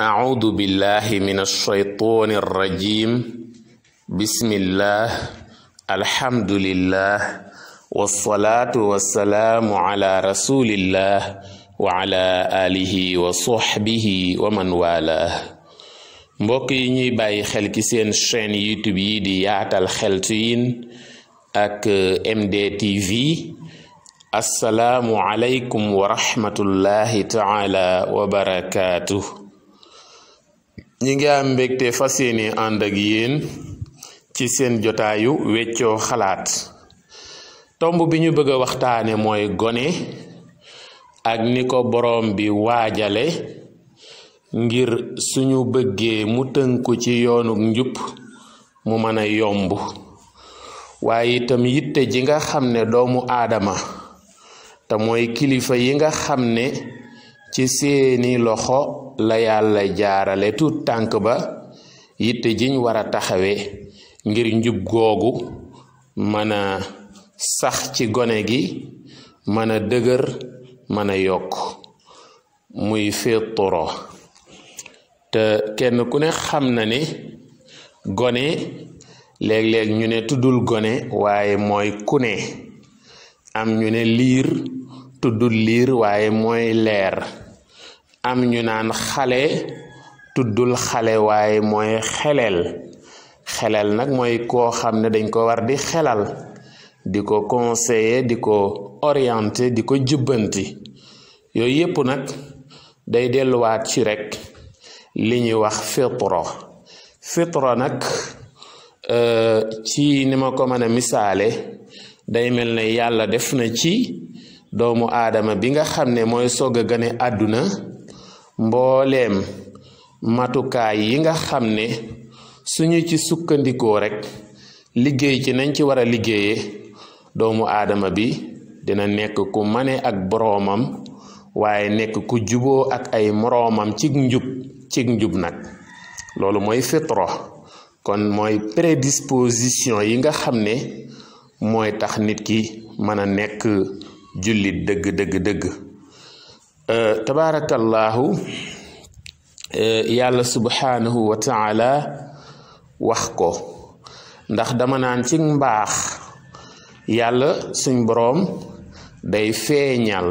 أعوذ بالله من الشيطان الرجيم بسم الله الحمد لله والصلاة والسلام على رسول الله وعلى آله وصحبه ومن والاه mbokk yi ñuy bàyyi xel ci seen chaîne YouTube yi di yaatal xeltu yin ak eh, MDTV asalaamu aleykum wa rahmatullahi taala wa barakaatuh ñi ngi am mbégte fas ànd ak yéen ci seen jotaayu weccoo xalaat tomb bi ñu bëgg waxtaane mooy gone ak ni ko boroom bi waajale ngir suñu bëggee mu tënku ci yoonug njub mu mën a yomb waaye itam yitte ji nga xam ne doomu aadama te mooy kilifa yi nga xam ne ci seeni loxo la yàlla jaarale tuut tànk ba yitte jiñ war a taxawe ngir njub googu mën a sax ci gone gi mën a dëgër mën a yokk muy fitro te kenn ku ne xam na ni gone léeg-léeg ñu ne tuddul gone waaye mooy ku am ñu ne liir tuddul liir waaye mooy leer am ñu naan xale tuddul xale waaye mooy xeleel xeleel nag mooy koo xam ne dañ ko war di xelal di ko conseiller di ko orienter di ko jubbanti yooyu yépp nag day delluwaat ci rek li ñuy wax fitro fitro nag euh, ci ni ma ko mën a misaale day mel ne yàlla def na ci doomu aadama bi nga xam ne mooy soog a gane àdduna mbooleem matukaay yi nga xam ne suñu ci sukkandikoo rekk liggéey ci nañ ci war a liggéeye doomu aadama bi dina nekk ku mane ak boroomam waaye nekk ku juboo ak ay moroomam cig njub cig njub nag loolu mooy fitro kon mooy prédisposition yi nga xam ne mooy tax nit ki mën a nekk jullit dëgg dëgg dëgg Euh, tabaarakallaahu euh, yàlla subhaanahu wa taala wax ko ndax dama naan ci mbaax yàlla suñ boroom day feeñal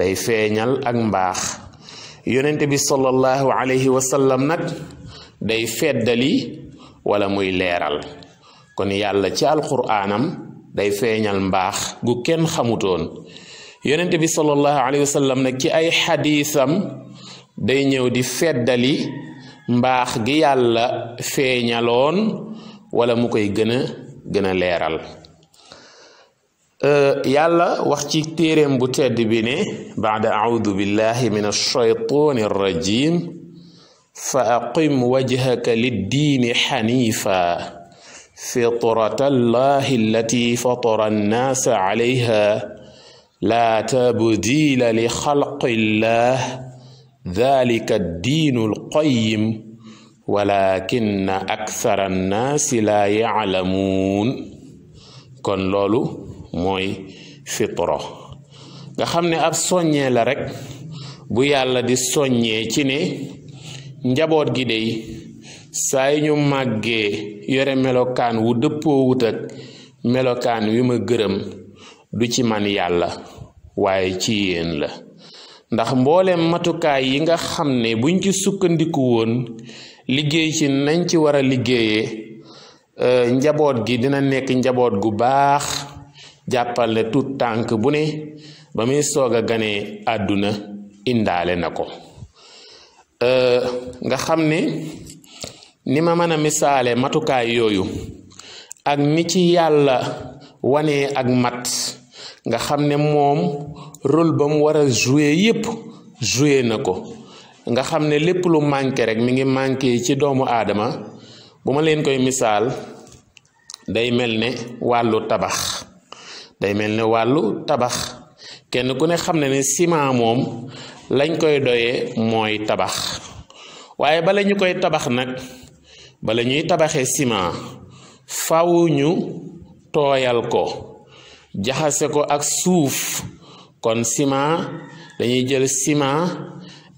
day feeñal ak mbaax yonente bi sallallahu alayhi nag day feddali wala muy leeral kon yàlla ci alquraanam day feeñal mbaax gu kenn xamutoon yonent bi sallallahu alayhi wa sallam nag ci ay xadiisam day ñëw di feddali mbaax gi yàlla feeñaloon wala mu koy gëna gëna leeral euh, yàlla wax ci téeréem bu bi ne baada audu billahi min alshaytaani arrajim fa aqim wajhaka liddiini xanifa fitrata allahi allati fatara annaasa laa tabdila li xalqillah dalika diinu lqayim walakina akthara annaasi laa yaclamuun kon loolu mooy fitra nga xam ne ab soññee la rekk bu yàlla di soññee ci ne njaboot gi dey saay ñu màggee yore melokaan wu dëppoo wut melokaan wi ma gërëm du ci man yàlla waaye ci yéen la ndax mboolem matukaay yi nga xam ne buñ ci sukkandiku woon liggéey ci nañ ci war a liggéeyee euh, njaboot gi dina nekk njaboot gu baax jàppale ne tànk bu ne ba muy soog a ganee àdduna indaale na ko euh, nga xam ne ni ma mën a misaale matukaay yooyu ak ni ci yàlla wanee ak mat nga xam ne moom rôle ba mu war a jouer yépp jouer na ko nga xam ne lépp lu manqué rek mi ngi manqué ci doomu aadama bu ma leen koy misaal day mel ne wàllu tabax day mel ne wàllu tabax kenn ku ne xam ne ne ciment moom lañ koy doyee mooy tabax waaye bala ñu koy tabax nag bala ñuy tabaxee ciment faw ñu tooyal ko jaxase ko ak suuf kon ciment dañuy jël ciment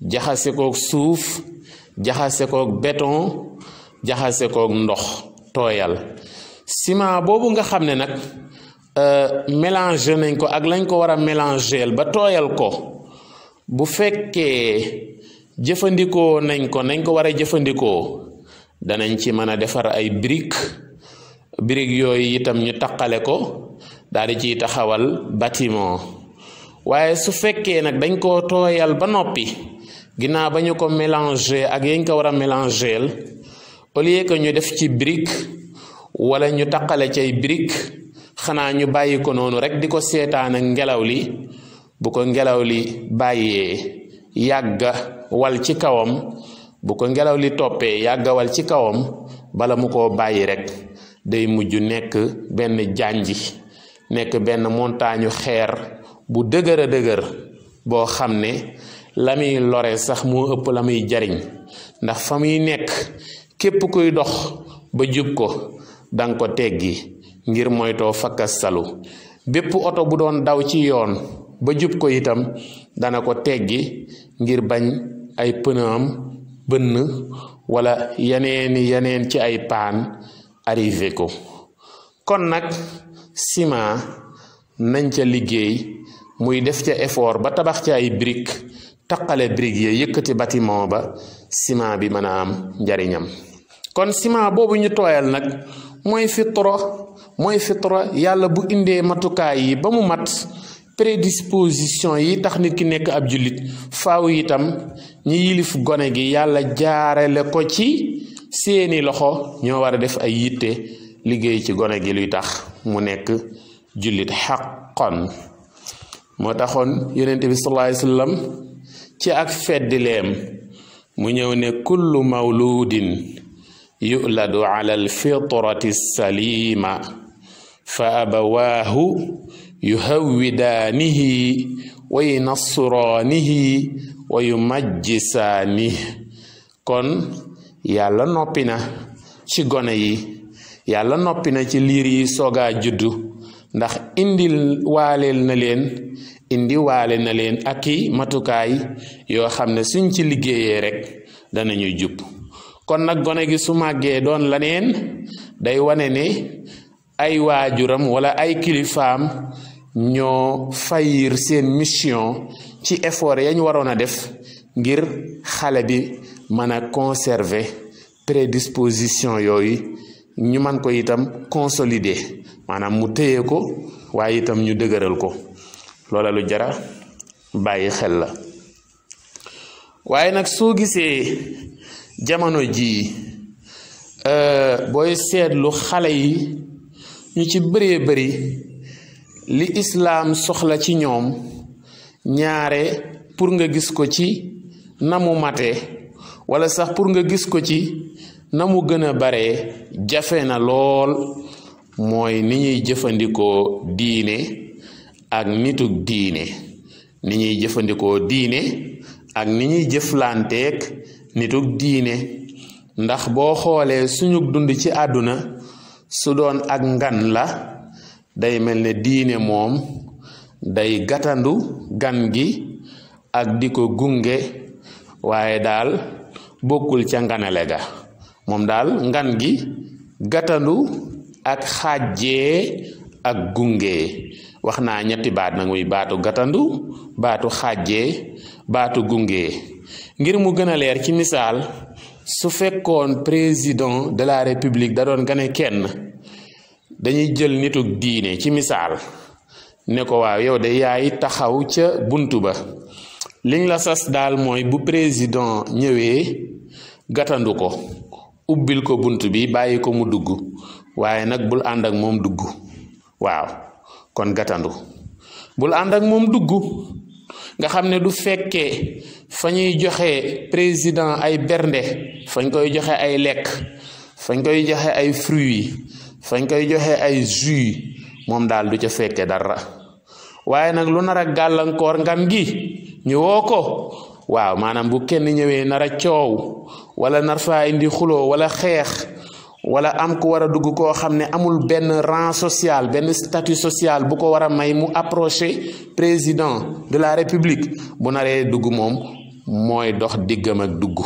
jaxase kook suuf jaxase kook béton jaxase kook ndox tooyal ciment boobu nga xam ne nag euh, mélanger nañ ko ak lañ ko war a mélanger ba tooyal ko bu fekkee jëfandikoo nañ ko nañ ko war a jëfandikoo danañ ci mën a defar ay brique brique yooyu itam ñu taqale ko daal di ciy taxawal bâtiment waaye su fekkee nag dañ koo tooyal ba noppi ginnaaw ba ñu ko mélanger ak yañ ko war a mélangeel au que ñu def ci brique wala ñu taqale cay brique xanaa ñu bàyyi ko noonu rek di ko seetaan ngelaw li bu ko ngelaw li bàyyee yàgga wal ci kawam bu ko ngelaw li toppee yàgga wal ci kawam bala mu koo bàyyi rek day mujj nekk benn janji nekk benn montagne xeer bu dëgër dëgër boo xam ne la muy lore sax moo ëpp la muy jariñ ndax fa muy nekk képp kuy dox ba jub ko danga ko teggi ngir moytoo fakkas bépp oto bu doon daw ci yoon ba jub ko itam dana ko teggi ngir bañ ay pënaam bënn wala yeneeni yeneen ci ay paan arrivé ko kon nag ciment nañ ca liggéey muy def ca effort ba tabax ca ay brique taqale brique ya yëkkati bâtiment ba ciment bi mën a am njariñam kon ciment boobu ñu tooyal nag mooy fitra mooy fitra yàlla bu indee matukaay yi ba mu mat prédisposition yi tax nit ki nekk ab jullit faaw itam ñi yilif gone gi yàlla jaarale ko ci seeni loxo ñoo war a def ay yitte liggéey ci gone gi luy tax mu nekk jullit xaqan moo taxoon yonente bi sallallahu alayhi ci ak feddileem mu ñëw ne kullu mawludin yuladu ala alfitrati salima fa abawaahu yuhawwidaanihi wa yunassuraanihi wa yumajjisaanihi kon yàlla noppi na ci gone yi yàlla noppi na ci liir yi sogaa juddu ndax indil waaleel na leen indi waale na leen ak i matukaay yoo xam ne suñ ci liggéeyee rek danañu jub kon nag gone gi su màggee doon laneen day wane ne ay waajuram wala ay kilifaam ñoo fayir seen mission ci effort yañ waroon a def ngir xale bi mën a conserver prédisposition yooyu ñu man ko itam consolide maanaam mu téye ko waaye itam ñu dëgëral ko loola lu jara bàyyi xel la waaye nag soo gisee jamono jii euh, booy seetlu xale yi ñu ci bëree bëri li islaam soxla ci ñoom ñaare pour nga gis ko ci namumate mate wala sax pour nga gis ko ci na mu gën a baree jafe na lool mooy ni ñuy jëfandikoo diine ak nituk diine ni ñuy jëfandikoo diine ak ni ñuy jëflanteek nitug diine ndax boo xoolee suñu dund ci àdduna su doon ak ngan la day mel ne diine moom day gatandu gan gi ak di ko gunge waaye daal bokkul ca nganale ga moom daal ngan gi gàttandu ak xàjjee ak gunge wax naa ñetti baat nag muy baatu gàttandu baatu xàjjee baatu gunge ngir mu gën a leer ci misaal su fekkoon président de la république da doon gane kenn dañuy jël nituk diine ci misaal ne ko waaw yow de yaay taxaw ca bunt ba liñ la sas daal mooy bu président ñëwee gàttandu ko ubbil ko bunt bi bàyyi ko mu dugg waaye nag bul ànd ak moom dugg waaw kon gàttandu bul ànd ak moom dugg nga xam ne du fekkee fa ñuy joxe président ay bernde fañ koy joxe ay lekk fañ koy joxe ay fruits fañ koy joxe ay jus moom daal du ca fekke dara waaye nag lu nar a gàllankoor ngam gi ñu woo ko waaw maanaam bu kenn ñëwee nar coow wala nar faa indi xuloo wala xeex wala am ku war a dugg koo xam ne amul benn rang social benn statut sociale bu ko war a may mu approché président de la république bu naree dugg moom mooy dox diggam ak dugg.